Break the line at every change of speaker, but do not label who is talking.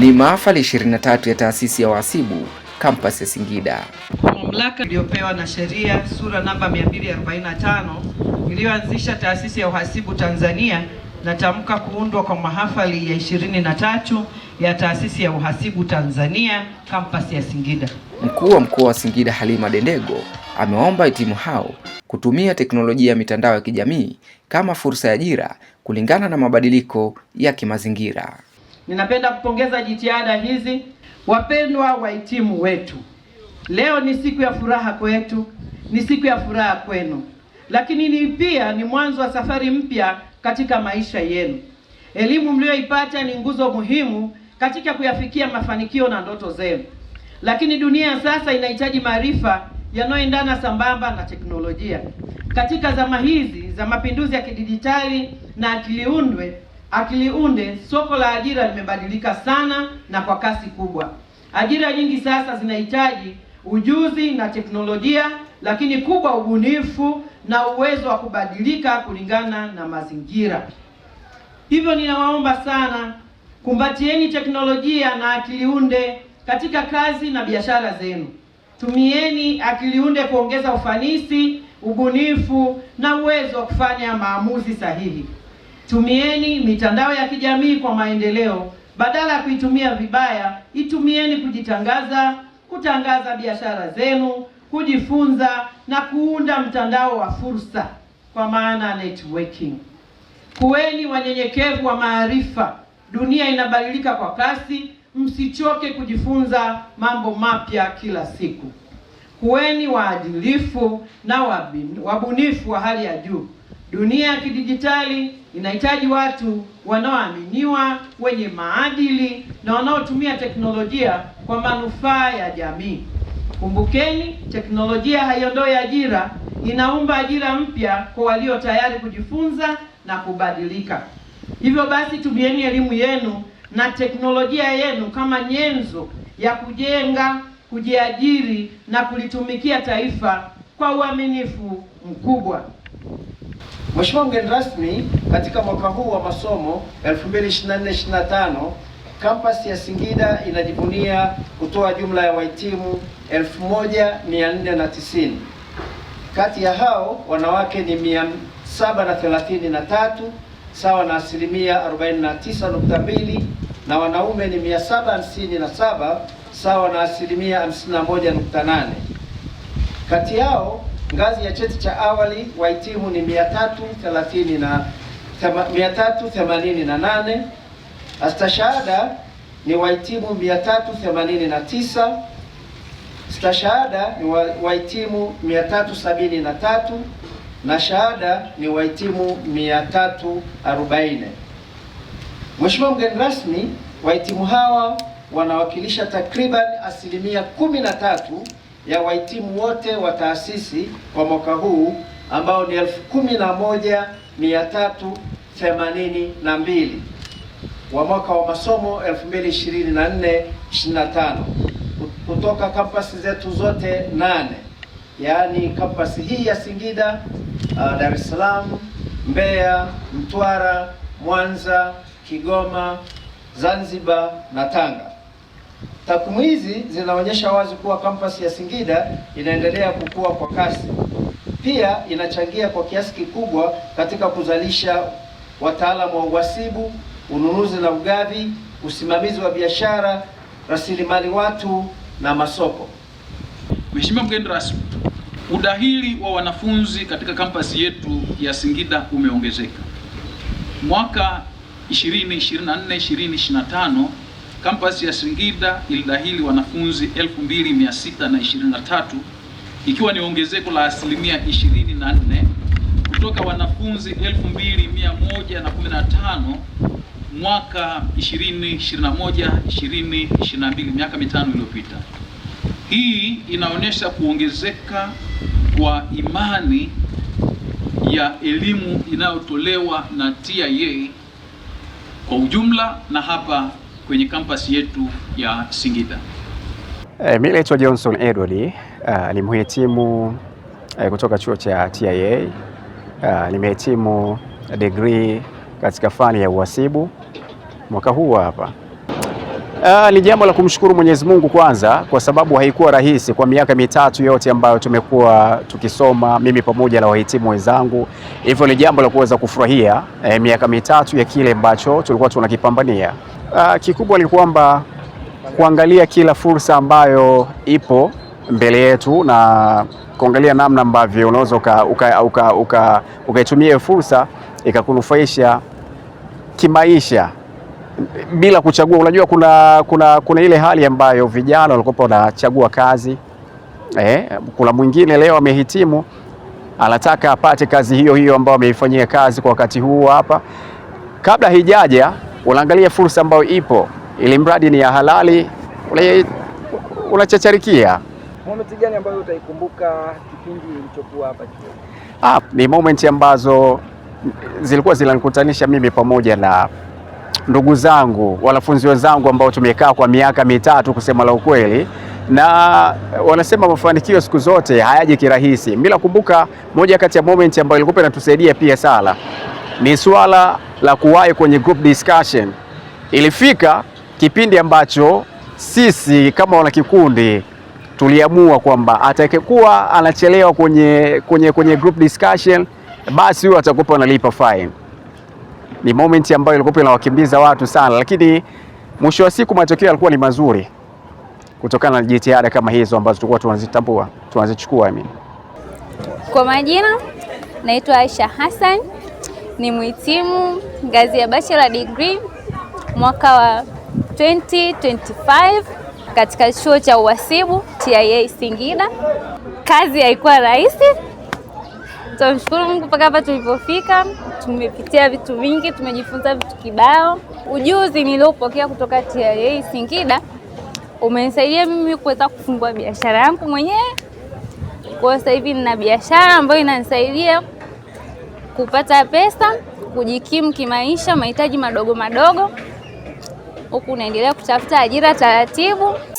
Ni mahafali 23 ya taasisi ya uhasibu kampasi ya Singida.
Mamlaka iliyopewa na sheria sura namba 245 iliyoanzisha taasisi ya uhasibu Tanzania natamka kuundwa kwa mahafali ya 23 ya taasisi ya uhasibu Tanzania kampasi ya Singida.
Mkuu wa mkoa wa Singida Halima Dendego ameomba itimu hao kutumia teknolojia ya mitandao ya kijamii kama fursa ya ajira kulingana na mabadiliko ya kimazingira.
Ninapenda kupongeza jitihada hizi. Wapendwa wahitimu wetu, leo ni siku ya furaha kwetu, ni siku ya furaha kwenu, lakini ni pia ni mwanzo wa safari mpya katika maisha yenu. Elimu mliyoipata ni nguzo muhimu katika kuyafikia mafanikio na ndoto zenu, lakini dunia ya sasa inahitaji maarifa yanayoendana sambamba na teknolojia. Katika zama hizi za mapinduzi ya kidijitali na akili undwe Akili Unde, soko la ajira limebadilika sana na kwa kasi kubwa. Ajira nyingi sasa zinahitaji ujuzi na teknolojia, lakini kubwa ubunifu na uwezo wa kubadilika kulingana na mazingira. Hivyo ninawaomba sana, kumbatieni teknolojia na akili unde katika kazi na biashara zenu. Tumieni akili unde kuongeza ufanisi, ubunifu na uwezo wa kufanya maamuzi sahihi. Tumieni mitandao ya kijamii kwa maendeleo, badala ya kuitumia vibaya. Itumieni kujitangaza, kutangaza biashara zenu, kujifunza na kuunda mtandao wa fursa, kwa maana networking. Kuweni wanyenyekevu wa maarifa. Dunia inabadilika kwa kasi, msichoke kujifunza mambo mapya kila siku. Kuweni waadilifu na wabunifu wa hali ya juu. Dunia ya kidijitali inahitaji watu wanaoaminiwa, wenye maadili na wanaotumia teknolojia kwa manufaa ya jamii. Kumbukeni, teknolojia haiondoi ajira, inaumba ajira mpya kwa walio tayari kujifunza na kubadilika. Hivyo basi, tumieni elimu yenu na teknolojia yenu kama nyenzo ya kujenga, kujiajiri na kulitumikia taifa kwa uaminifu mkubwa. Mheshimiwa mgeni rasmi, katika mwaka huu wa masomo 2024/2025 kampasi ya Singida inajivunia kutoa jumla ya wahitimu 1490. Kati ya hao wanawake ni 733 sawa na asilimia 49.2 na wanaume ni 757 sawa na asilimia 51.8. Kati yao ngazi ya cheti cha awali wahitimu ni 388, astashahada ni wahitimu 389, stashahada ni wahitimu 373 na shahada ni wahitimu 340. Mheshimiwa mgeni rasmi, wahitimu hawa wanawakilisha takriban asilimia 13 ya wahitimu wote wa taasisi kwa mwaka huu ambao ni elfu kumi na moja mia tatu themanini na mbili wa mwaka wa masomo 2024 25 kutoka kampasi zetu zote nane, yaani kampasi hii ya Singida, uh, Dar es Salaam, Mbeya, Mtwara, Mwanza, Kigoma, Zanzibar na Tanga. Takwimu hizi zinaonyesha wazi kuwa kampasi ya Singida inaendelea kukua kwa kasi. Pia inachangia kwa kiasi kikubwa katika kuzalisha wataalamu wa uhasibu, ununuzi na ugavi, usimamizi wa biashara, rasilimali watu na masoko.
Mheshimiwa mgeni rasmi, udahili wa wanafunzi katika kampasi yetu ya Singida umeongezeka. Mwaka 2024 2025 Kampasi ya Singida ilidahili wanafunzi 2623 ikiwa ni ongezeko la asilimia 24 kutoka wanafunzi 2115 mwaka 2021 2022, miaka mitano iliyopita. Hii inaonyesha kuongezeka kwa imani ya elimu inayotolewa na TIA kwa ujumla na hapa kwenye kampasi yetu ya Singida.
E, eh, mimi naitwa Johnson Edward, uh, ni mhitimu uh, kutoka chuo cha TIA. Uh, nimehitimu degree katika fani ya uhasibu mwaka huu hapa. Uh, ni jambo la kumshukuru Mwenyezi Mungu kwanza kwa sababu haikuwa rahisi kwa miaka mitatu yote ambayo tumekuwa tukisoma mimi pamoja na wahitimu wenzangu. Hivyo ni jambo la kuweza kufurahia eh, miaka mitatu ya kile ambacho tulikuwa tunakipambania. Uh, kikubwa ni kwamba kuangalia kila fursa ambayo ipo mbele yetu na kuangalia namna ambavyo unaweza ukaitumia uka, uka, uka, uka fursa ikakunufaisha kimaisha bila kuchagua. Unajua kuna, kuna, kuna ile hali ambayo vijana walikuwa wanachagua kazi eh, kuna mwingine leo amehitimu anataka apate kazi hiyo hiyo ambayo ameifanyia kazi kwa wakati huu hapa, kabla hijaja unaangalia fursa ambayo ipo, ili mradi ni ya halali unachacharikia.
Moment gani ambayo utaikumbuka kipindi ulichokuwa hapa chuo?
Ah, ni moment ambazo zilikuwa zinanikutanisha mimi pamoja na ndugu zangu, wanafunzi wenzangu ambao tumekaa kwa miaka mitatu, kusema la ukweli, na wanasema mafanikio siku zote hayaji kirahisi. Mimi nakumbuka moja kati ya moment ambayo ilikuwa inatusaidia pia sala ni swala la kuwahi kwenye group discussion. Ilifika kipindi ambacho sisi kama wanakikundi tuliamua kwamba atakayekuwa anachelewa kwenye, kwenye, kwenye group discussion basi huyo atakupa analipa fine ni moment ambayo ilikuwa inawakimbiza watu sana, lakini mwisho wa siku matokeo yalikuwa ni mazuri kutokana na jitihada kama hizo ambazo tulikuwa tunazitambua tunazichukua. Mimi
Kwa majina naitwa Aisha Hassan, ni mhitimu ngazi ya bachelor degree mwaka wa 2025 katika chuo cha uhasibu TIA Singida. Kazi haikuwa rahisi Tunamshukuru Mungu mpaka hapa tulipofika, tumepitia vitu vingi, tumejifunza vitu kibao. Ujuzi niliopokea kutoka TRA Singida umenisaidia mimi kuweza kufungua biashara yangu mwenyewe. Kwa sasa hivi nina biashara ambayo inanisaidia kupata pesa, kujikimu kimaisha, mahitaji madogo madogo, huku unaendelea kutafuta ajira taratibu.